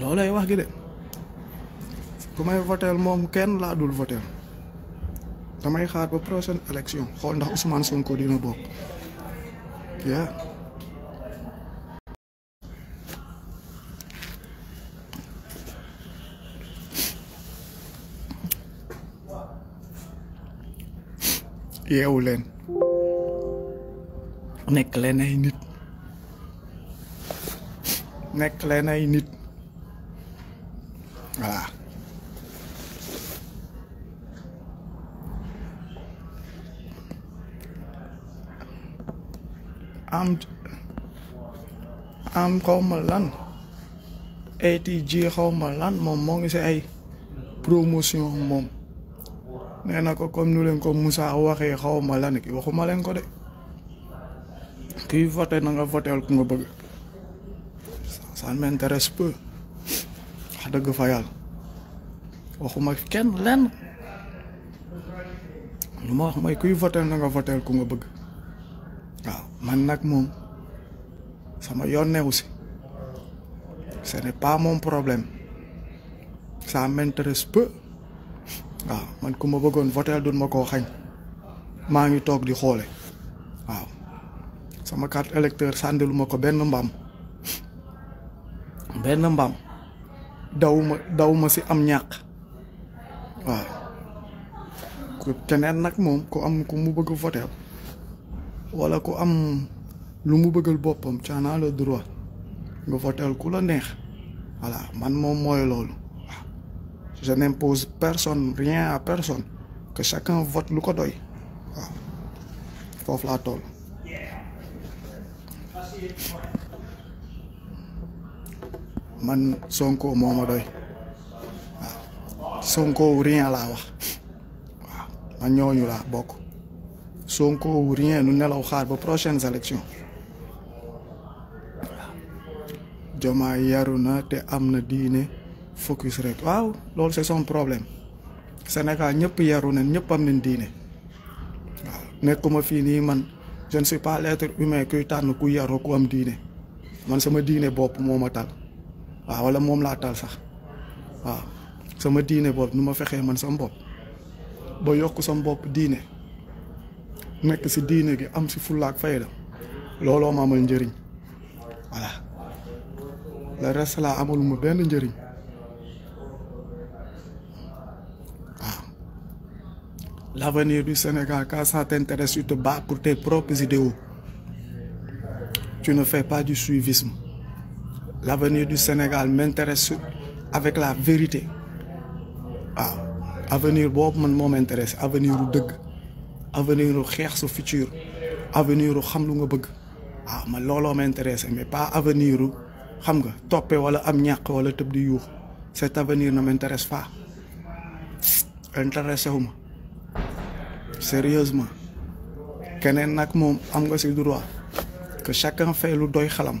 loolay wax gi de ku may voteel moom kenn laa dul voteel damay xaar ba prochaine élection xool ndax Ousmane Sonko dina bokk yeewu leen nekk leen ay nit nekk leen nit Voilà. Ah. Amt am Kaumalan ATG Kaumalan mom mo ngi ci ay promotion mom néna ko comme nous len ko Moussa waxé xawma lan ki waxuma len ko dé ki voter na nga voter ko nga bëgg ça m'intéresse peu de Fayal waxuma kenn lenn lu ma wax mooy kuy votel na nga votel ku nga bëgg sama yoon newu si ce n'est pas mon problème ça m'intéresse peu waaw man ku ma bëggoon di xoole waaw sama carte dawuma dawuma si am ñàq waaw ko keneen nak mom ko am ko mu bëgg voter wala ko am lu mu bëggal ci ana le droit nga voter ku la neex voilà man mom moy loolu je n'impose personne rien à personne que chacun vote lu ko doy waaw foofu laa man Sonko moo ma doy waaw Sonko wu rien laa wax waaw man ñooñu laa bokk Sonko wu rien nu nelaw xaar ba prochaines élections Jomaa yaru na te am na diine focus rek waaw loolu c'est son problème Sénégal ñëpp yaru nañ ñëpp am nañ diine waaw nekkuma fii nii man je ne suis pas l'être humain kuy tànn ku yaru ku am diine man sama diine bopp moo ma tal waaw wala moom laa tal sax waaw sama diine boobu nu ma fexee man sama bopp ba yokk sama bopp diine nekk si diine gi am si fullaak fayda looloo ma amal njëriñ voilà le reste laa amalu ma benn njëriñ waaw l'avenir du Sénégal quand ça t'intéresse tu te bats pour tes propres idéaux tu ne fais pas du suivisme l'avenir du Sénégal m'intéresse avec la vérité Ah, avenir boobu man moo m'intéresse avenir deug. avenir futur avenir u xam lu nga bëgg Ah, ma lolo m'intéresse mais pas avenir xam nga topé wala am ñàq wala tëb di yuux cet avenir ne m'intéresse pas intéressé wu sérieusement Kenen nak mom am nga ci droit que chacun fait lu doy xalam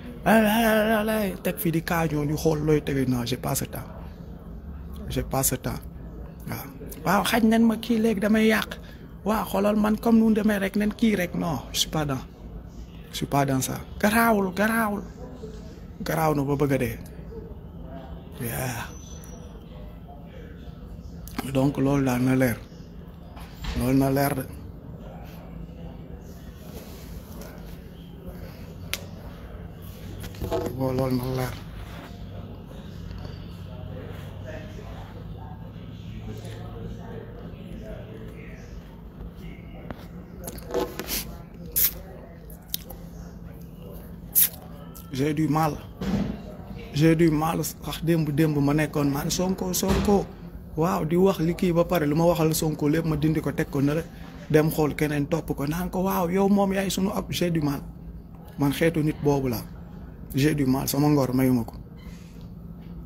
teg fii di kaañoo ñu xool looy tege non j'ai pas ce temps j'ai pas ce temps waaw waaw xaj nañ ma kii léegi damay yàq waaw xoolal man comme nu demee rek nen kii rek non je suis pas dans je suis garaaw na ba bëgg a dee waaw donc loolu daal na leer loolu na leer de na j'ai du mal j'ai du mal sax demb demb ma nekkoon naan sonko sonko waaw di wax li kii ba pare luma waxal sonko lepp ma dindi ko teg ko ne dem xol kenen top ko naan ko waaw yow mom yaay sunu ab j'ai du mal man xeetu nit bobu la j'ai du mal sama ngoor mayuma ko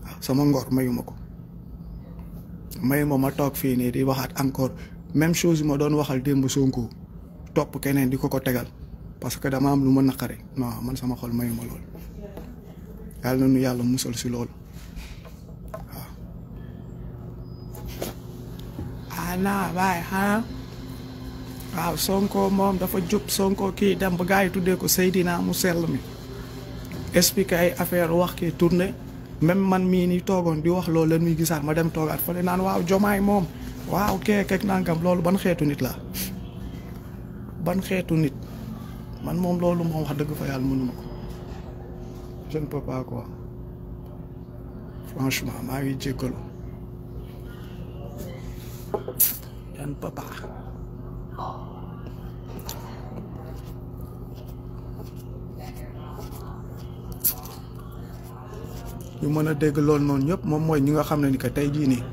ah, sama ngoor mayuma ko mayuma ma toog fii nii di waxaat encore même chose ma doon waxal démb Sonko topp keneen di ko ko tegal parce que dama am lu ma naqari non man sama xol mayuma lool yàlla na nu musal si loolu waaw. ah, ah naa waaye ah. waaw Sonko moom dafa jub sonkoo kii dem ba gaa yi tuddee ko Seydina mu sell mi. expliquer ay affaire wax kii tourner même man mi ni togon di wax lolou la ñuy gisaat ma dem toogaat fële nan waaw jomaay mom waaw ke kek nangam lolou ban xeetu nit la ban xeetu nit man mom lolou moom wax deug fa yàlla mënuma nako je ne peux pas quoi franchement ma ngi jéggalu je ne peux pas ñu mën a dégg loolu noonu ñëpp moom mooy ñi nga xam ne ni que tey jii nii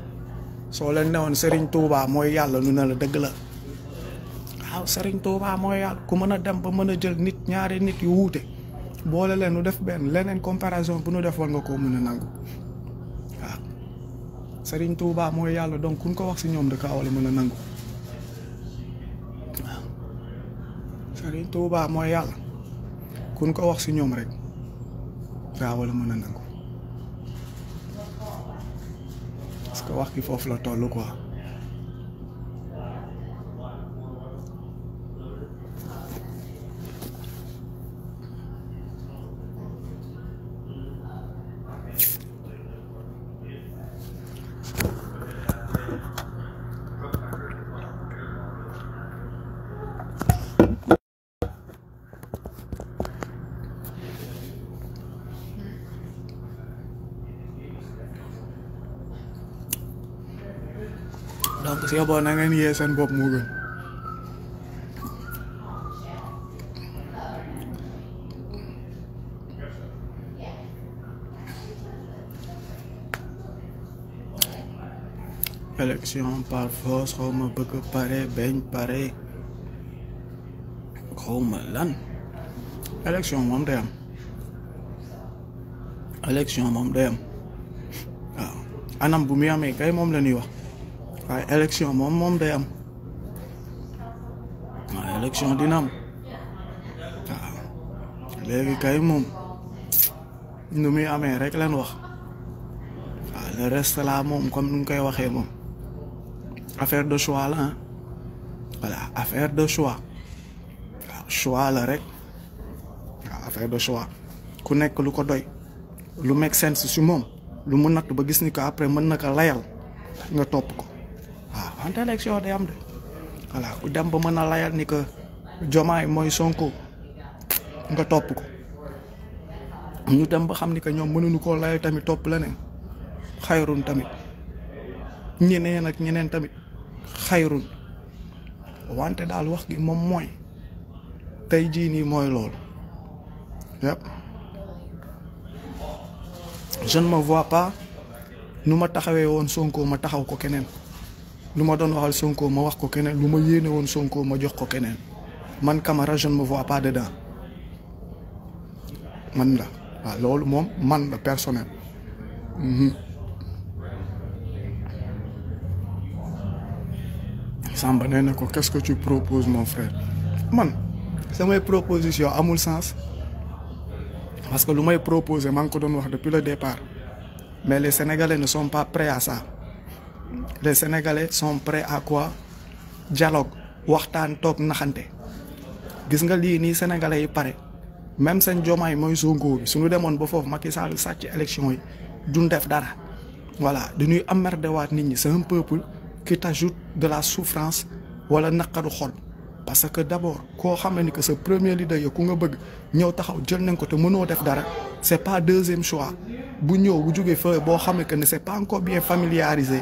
soo leen newoon Serigne Touba mooy yàlla nu ne la dëgg la waaw Serigne Touba mooy yàlla ku mën a dem ba mën a jël nit ñaari nit yu wuute boole leen nu def benn leneen comparaison bu nu def nga koo mën a nangu waaw Touba mooy yàlla donc kun ko wax si ñoom da wala mën a nangu waaw Serigne Touba ko wax si ñoom rek daa wala mën a nangu. ko wax for a lot of quoi si yow na ngeen yee seen bopp moo gën. bëgg pare bañ pare xaw lan élection moom day am moom day anam bu muy amee kay moom la ñuy wax waaye élection mon mon day am waaye élection dina am waaw ah, kay mom, nu mi amé rek lan wax ah, le reste là mom comme nu koy waxé mom affaire de choix là voilà affaire de choix ah, choix la rek affaire de choix ku nek lu ko doy lu make sense si mom, lu mu nat ba gis ni ko après mën na ko layal nga top ko en election day am de voilà ku dem ba meuna layal ni ko jomay moy sonko nga top ko ñu dem ba xam ni ñom meunu ñu ko layal tamit topp leneen khairun tamit ñeneen ak ñeneen tamit khairun wante dal wax gi mom moy tay ji ni moy loolu yep. je ne me vois pas nu ma taxawee sonko ma taxaw ko luma don waxal Sonko ma wax ko keneen luma ma yéene woon Sonko ma jox ko keneen man Camara je ne me vois pas dedans man la waaw loolu moom man la personnel. Mhm. Samba nee na qu'est-ce que tu proposes mon frère man samay proposition amul sens parce que lu may proposer maa ngi ko doon wax depuis le départ mais les Sénégalais ne sont pas prêts à ça les Sénégalais sont prêts à quoi dialogue waxtaan toog naxante gis nga li ni Sénégalais yi pare même sen jomaay moy Sonko bi suñu demoon ba foofu Macky Sall sàcc élection yi duñ def dara voilà dañuy emmerder waat nit ñi c'est un peuple qui t'ajoute de la souffrance wala nakadu xol parce que d'abord ko xam ni que ce premier leader yo ku nga bëgg ñew taxaw jël nañ ko te mëno def dara c'est pas deuxième choix bu ñew bu jógee fa bo xam que ne c'est pas encore bien familiarisé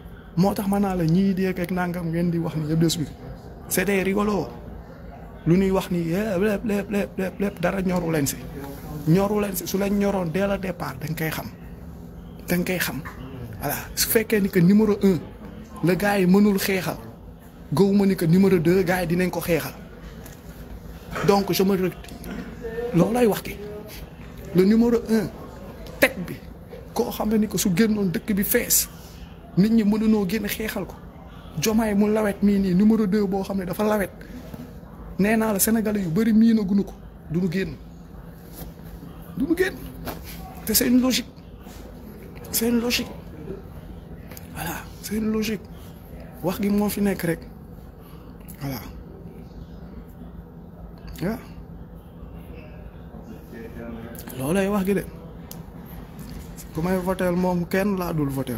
moo tax ma naa la ñii dee ak nangam ngeen di wax ni yëpp de suite c'était rigolo lu wax ni lépp lépp lépp dara ñoru leen si ñoru si su leen ñoroon dès le départ da nga koy xam da nga koy xam voilà su fekkee ni que numéro un la gars yi mënul xeexal gëwuma ni que numéro de gars yi dinañ ko xeexal donc je me loolu lay wax ki le numéro un teg bi koo xam ne ni ko su génnoon dëkk bi fees. nit ñi mënuñoo génn xeexal ko jomaay mu lawet mii nii numéro 2 boo xam ne dafa lawet nee naa la sénégalais yu bari mii na gunu ko duñu génn duñu génn te c'est une logique c'est une logique voilà wax gi moo fi nekk rek voilà waaw loolay wax gi de ku may voteel moom kenn laa dul voteel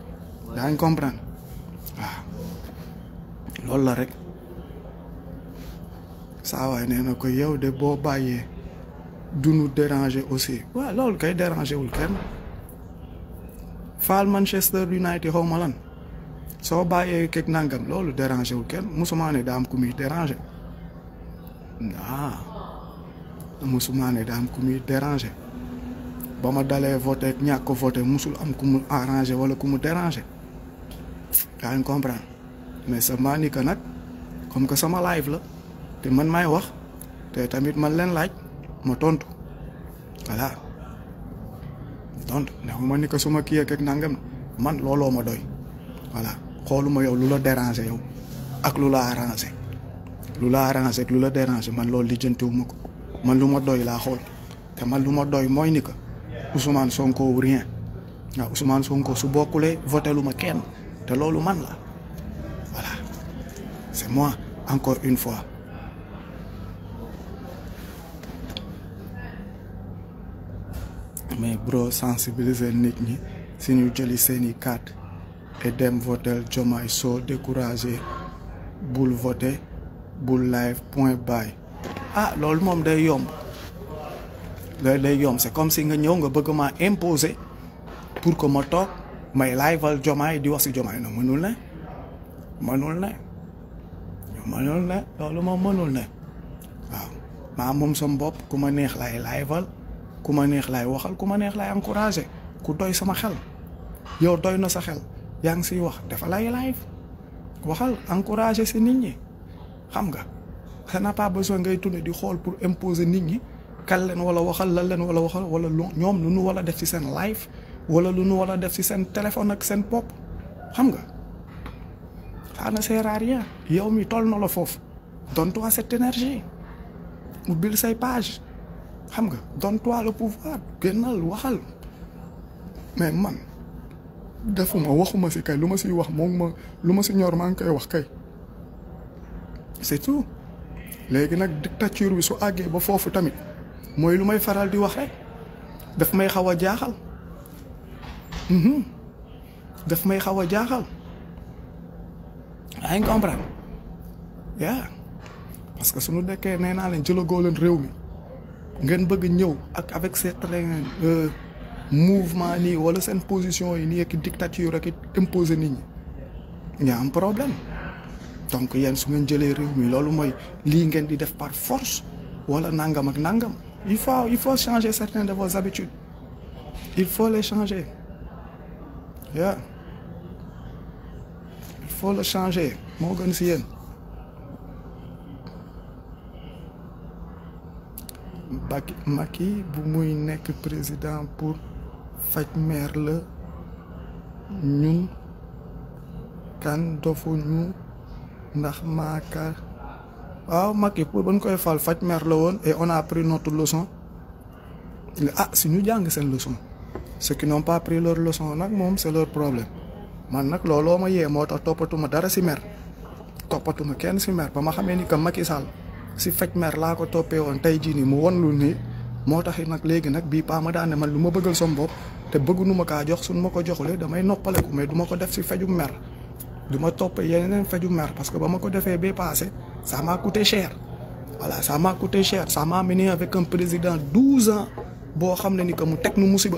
yaa comprendre waaw ah. loolu la rek sa waay nee na ko yow de bo bàyyee du nous déranger aussi wa l'ol kay déranger wul kenn faal Manchester United xaw ma lan soo bàyyee kek nangam loolu déranger wul kenn musuma ne daa am ku déranger ah musuma ne da am ku déranger bama dalé voter voté ñàkk ko voté musul am ku arranger wala ku déranger. yaa ngi comprendre mais seulement ni que nag comme que sama live la te man maay wax te tamit man leen laaj ma tontu voilà tontu ne ma ni que su ma kii ak nangam man looloo ma doy voilà xooluma yow lu la déranger yow ak lu la lu la lu la déranger man loolu lijjantiwuma ko man lu ma doy laa xool te man lu ma doy mooy ni que Ousmane Sonko rien waaw Ousmane Sonko su bokkulee voté ma kenn. voilà c'est moi encore une fois mais bro sensibiliser vous si vous avons une carte et dem votel Joma découragé bul voter, point ah le day Yom. c'est comme si nga pour que may life jomai di wasik jomai no non mënul ne mënul ne mënul ne loolu moom mënul ne waaw maa moom sama bopp kuma neex laay live ku ma neex laay waxal kuma neex encourager ku doy sama xel yow doy na sa xel yang si wax dafa lay live waxal encourager si nit ñi xam nga xana pa besoin ngay tourner di xol pour imposer nit ñi kal len wala waxal lan len wala waxal wala ñom nu nu wala def ci sen live wala lu nu war a def si seen téléphone ak seen pop xam nga ça ne sert yow mi toll na la foofu donne-toi cette énergie mu bil say page xam nga donne-toi le pouvoir génnal waxal mais man defuma waxuma si kay lu ma si wax moom ma lu ma si ñor maa ngi koy wax kay c'est léegi nag dictature bi su àggee ba foofu tamit mooy lu may faral di wax rek daf may xaw a jaaxal Mhm. daf may xaw a jaaxal yaa ngi comprendre yaa parce que suñu dekkee nee naa leen jëlagoo leen réew mi ngeen bëgg ñëw ak avec certains euh, mouvement ni wala seen position yi nii ak dictature ak imposer il ñi a am problème donc y su ngeen jëlee réew mi loolu mooy lii ngeen di def par force wala nangam ak nangam il faut il faut changer certaines de vos habitudes il faut les changer Yeah. il faut le changer moo gën si yéen Macky Macky bu muy président pour faj meer la ñun kan dofu ndax pour ba ñu koy fal faj et on a pris notre leçon ah si ñu jàng seen leçon ce qui n'ont pas pris leur leçon nak mom c'est leur problème man nak lolo ma yé motax topatuma dara si mer topatuma kenn si mer ba ma xamee ni Macky Sall si faj mer la ko topé won tay ji ni mu won lu ni motax nak légui nak bi pa ma daan man luma bëggal som bop te bëggunuma ka jox sun mako joxulé damay noppalé ko mais duma ko def si faju mer duma topé yenen yeneen mer parce que ba ko defee bee passé ça m'a coûté cher voilà ça m'a coûté cher ça m'a mené avec un président 12 ans bo xamné ni mu nu musiba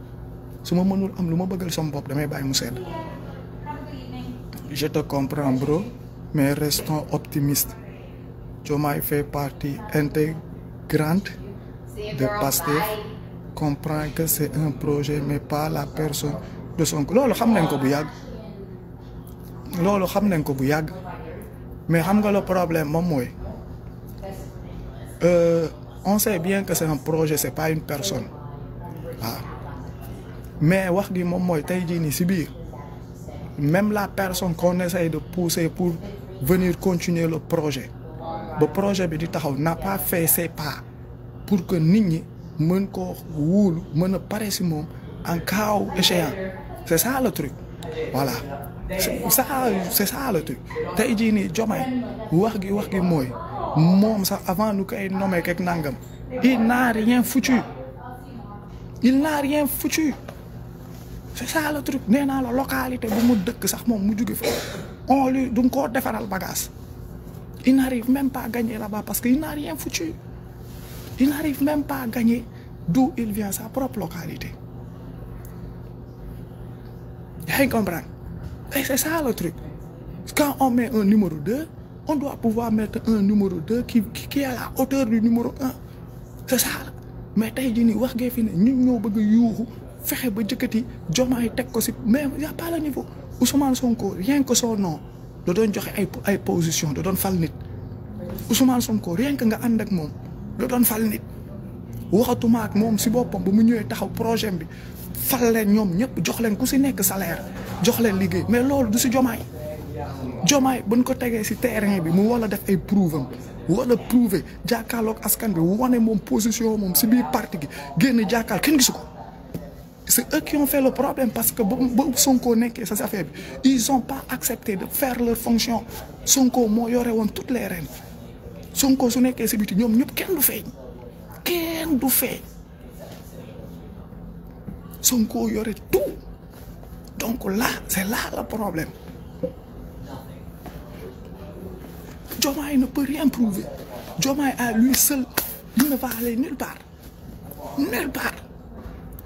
Si ma am damay je te comprends bro mais restons optimistes Diomaye fait partie intégrante de Pasteur. Comprends que c'est un projet mais pas la personne de son côté. xam nañ ko bu yàgg loolu mais xam le problème moom euh, on sait bien que c'est un projet ce n'est pas une personne mais wax gi mom moy tay même la personne qu'on essaie de pousser pour venir continuer le projet Le projet bi di taxaw n'a pas fait ses pas pour que nit ñi mën koo wóolu pare en cas échéant c'est ça le truc voilà ça c'est ça le truc Tay di ni jomay wax gi wax gi moy mom sax avant que koy nommer, quelque nangam il n'a rien foutu il n'a rien foutu c'est ça le truc Mais dans la localité on il n'arrive même pas à gagner là-bas parce qu'il n'a rien foutu il n'arrive même pas à gagner d'où il vient sa propre localité Vous comprenez c'est ça le truc quand on met un numéro 2 on doit pouvoir mettre un numéro 2 qui qui est à la hauteur du numéro 1 c'est ça mais wax fi fexé ba jëkkati jomaay tek ko si même ya a pas le niveau Ousmane Sonko rien que son nom do doon joxe ay ay position do doon fal nit Ousmane Sonko rien que nga and ak mom do doon fal nit waxatuma ak mom si bopam bu mu ñëwé taxaw projet bi fal leen ñom ñëpp jox leen ku si nekk salaire jox leen liggéey mais loolu du si jomaay jomaay buñ ko téggé ci terrain bi mu wala def ay prouve wala prouver jàkkaarloog askan bi wane mom position mom si bi parti gi génn jakal kenn gisuko C'est eux qui ont fait le problème parce que Sonko de ça affaire ils n'ont pas accepté de faire leur fonction Sonko moo yore toutes les rênes Sonko su fait si Ils ont ñëpp Ils du fait. Sonko tout donc là c'est là le problème Jomai ne peut rien prouver Jomai à lui seul il ne va aller nulle part nulle part.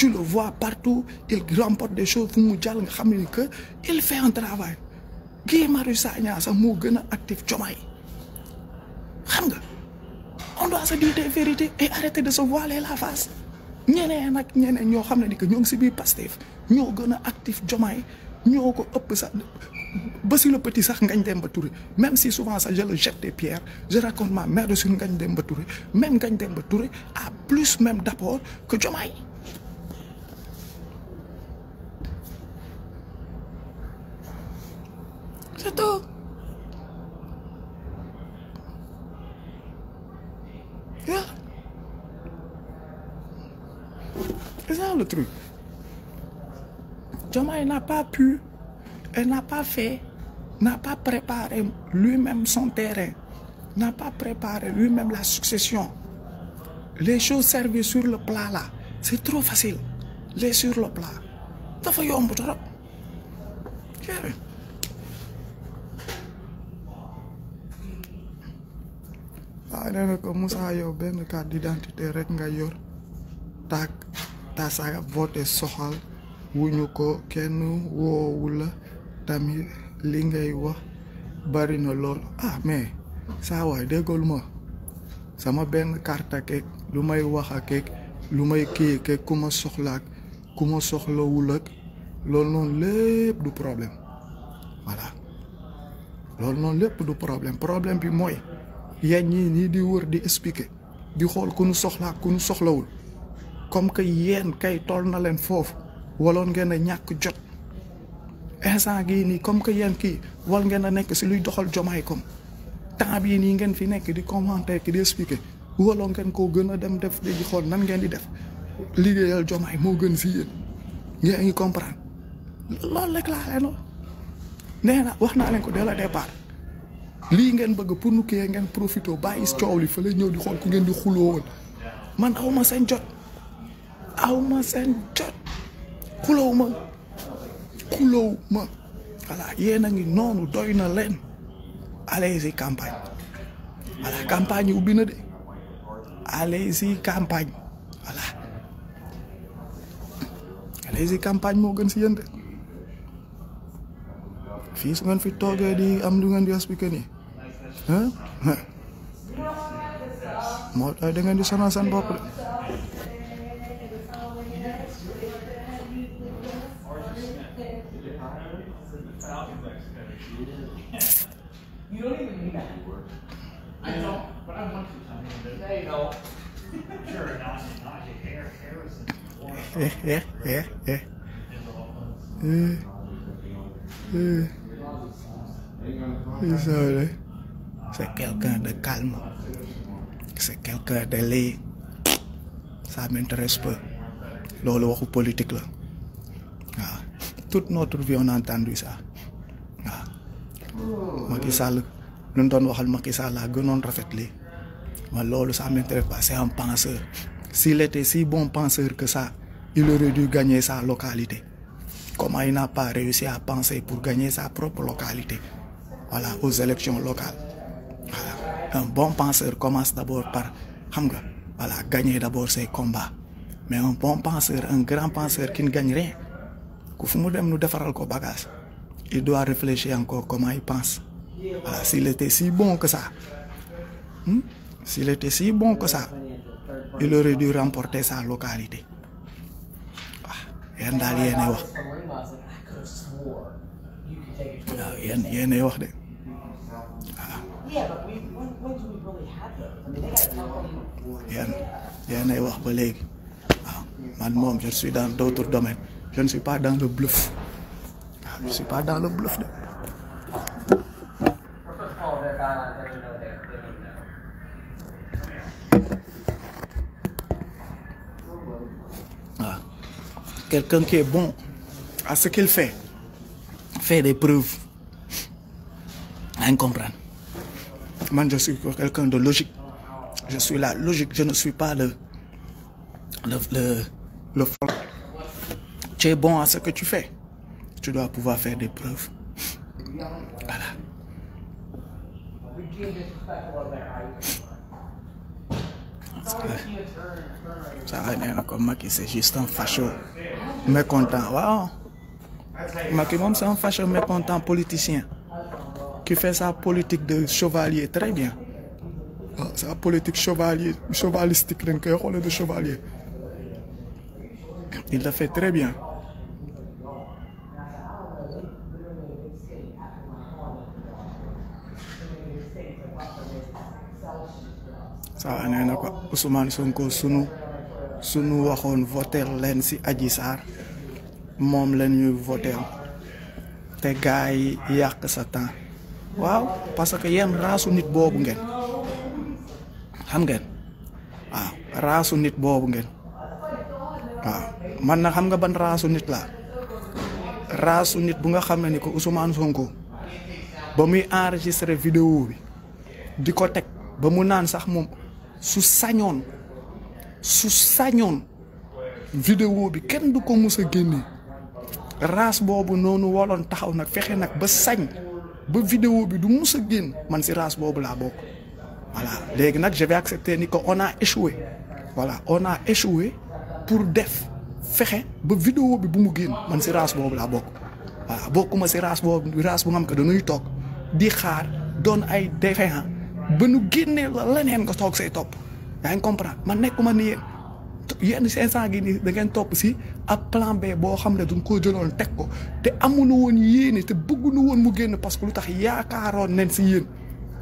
tu le vois partout, il remporte des choses, il fait un travail. Guy Marius Sagna, c'est mon actif. On doit se dire des vérités et arrêter de se voiler la face. ñeneen ak ñeneen ñoo xam ne ni que ñoo ngi si biir Pastef ñoo gën a actif ko ba si le petit sax gagne des Touré même si souvent ça je le jette des pierres je raconte ma mère de sur Ngagne Demba Touré même Ngagne des Touré a plus même d'apport que jomaay tout. Regarde. ça le truc. Thomas n'a pas pu, elle n'a pas fait, n'a pas préparé lui-même son terrain, n'a pas préparé lui-même la succession. Les choses servies sur le plat là, c'est trop facile. Les sur le plat. Ça fait un anena ko Moussa ben benn carte d'identité rek nga yor tak ta sa vote soxal wuñu ko kenn woowul la tamit li ngay wax bari na lool ah mais sa way degol ma sama ben carte ak lu may wax ak lu may kii ak ku soxla ak kuma ma wul ak loolu non lepp du problème voilà loolu non lepp du problème problème bi moy ya ni di wër di expliquer di xol ku ñu soxla ku ñu soxlawul comme que yeen kay tol na len foofu walon ngeena ñak jot instant gi ni comme que yeen ki wal ngeena nek ci luy doxal jomay comme temps bi ni ngeen fi nek di commenter di expliquer walon ngeen ko gëna dem def di xol nan ngeen di def ligéyal jomay mo gën si yeen ngeen ngi comprendre loolu rek la leen nee wax na len ko dès la départ lii ngeen bëgg pour nu kiyee ngeen profité bàyyi coow li fa la ñëw di xool ku ngeen di xuloo woon man aw ma seen jot aw ma seen jot xuloo ma xuloo ma voilà yéen a ngi noonu doy na leen allez-y campagne voilà campagne yi ubbi campagne voilà campagne moo gën si yën de fii su ngeen fi toogee di am lu ngeen di expliqué nii Mau dengan bapak? Hah? Hah? Mulai dengan disonasan pokok. You don't even need that word. I know, but I want you to. There you go. Sure, not not your hair, Harrison. Eh, eh, eh, eh. Eh. Eh. Eh. Eh. Eh. Eh. C'est quelqu'un de calme. C'est quelqu'un de Ça m'intéresse peu. ce que politique là. Toute notre vie on a entendu ça. Ah. Macky Sall m'intéresse pas, c'est un penseur. S'il était si bon penseur que ça, il aurait dû gagner sa localité. Comment il n'a pas réussi à penser pour gagner sa propre localité Voilà, aux élections locales. Un bon penseur commence d'abord par, voilà, gagner d'abord ses combats. Mais un bon penseur, un grand penseur qui ne gagne rien, il doit réfléchir encore comment il pense. s'il était si bon que ça, hmm, s'il était si bon que ça, il aurait dû remporter sa localité. ah, wax non. Ah, ah, je suis dans d'autres domaines je ne suis pas dans le bluff ah, je ne suis pas dans le bluff ah, quelqu'un qui est bon à ce qu'il fait fait des preuves yaa hein, comprendre je suis quelqu'un de logique. Je suis la logique, je ne suis pas le, le, le, Tu es bon à ce que tu fais. Tu dois pouvoir faire des preuves. Voilà. Ça bien. comme qui c'est juste un facho mécontent. Wow. Makimon, c'est un facho mécontent politicien qui fait sa politique de chevalier très bien. C'est la politique chevalier chevalistique dañ koy xoolee de chevalier il l'a fait très bien ça nee est ko Ousmane Sonko sunu sunu waxoon voter leen ci Adji Sarr moom leen ñuy voter te gars yi yàq sa temps waaw parce que yéen un nit boobu ngeen xam ngeen waaw ah, raasu nit boobu ngeen waaw ah, man nag xam nga ban raasu nit la raasu nit bu nga xam ne ni ko Ousmane Sonko ba muy enregistré vidéo bi di ko ba mu naan sax moom su sañoon su sañoon vidéo bi kenn du ko mus a génne raas boobu noonu woloon taxaw nag fexe nag ba sañ ba vidéo bi du mus a génn man si raas boobu laa bokk voilà les nag je vais accepter ni que on a échoué voilà on a échoué pour def fexe ba vidéo bi bu mu man si race boobu bok. bokk bok bokkuma si race boobu race bu nga xam que dañuy toog di xaar don ay défaillant ba nu génnee la leneen nga toog say top. yaa ngi man nek ni yéen yenn cinq cent gi nii da ngeen topp si A plan B boo xam ne duñ koo jëloon te amuñu woon yéene te bëgguñu won mu génn parce que lu tax yaakaaroon nañ si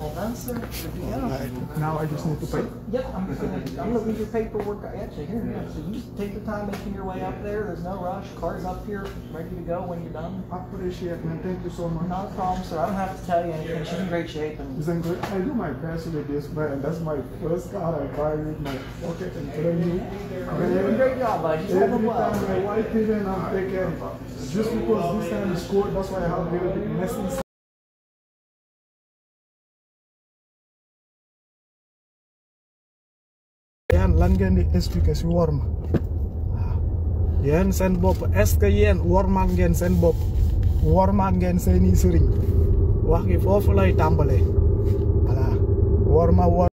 Well done, sir. Right. Now I just need to pay. Yep, I'm gonna, leave your paperwork actually here. Yeah. So you just take your time making your way up there. There's no rush. Car's up here, ready to go when you're done. I appreciate it, man. Thank you so much. Not a problem, sir. I don't have to tell you anything. She's in great shape. And... In great, I do my best with this, man. that's my first car I buy with my pocket and brand You're doing a great job, bud. Just Every well. time my wife even I'm taking. just because this time is cold, that's why I have a little bit messy. lan ngeen di expliquer si worma waaw yéen seen bopp est-ce que yéen wormaat ngeen seen bopp wormaat ngeen seen seeni sëriñ wax gi foofu lay tàmbalee voilà worma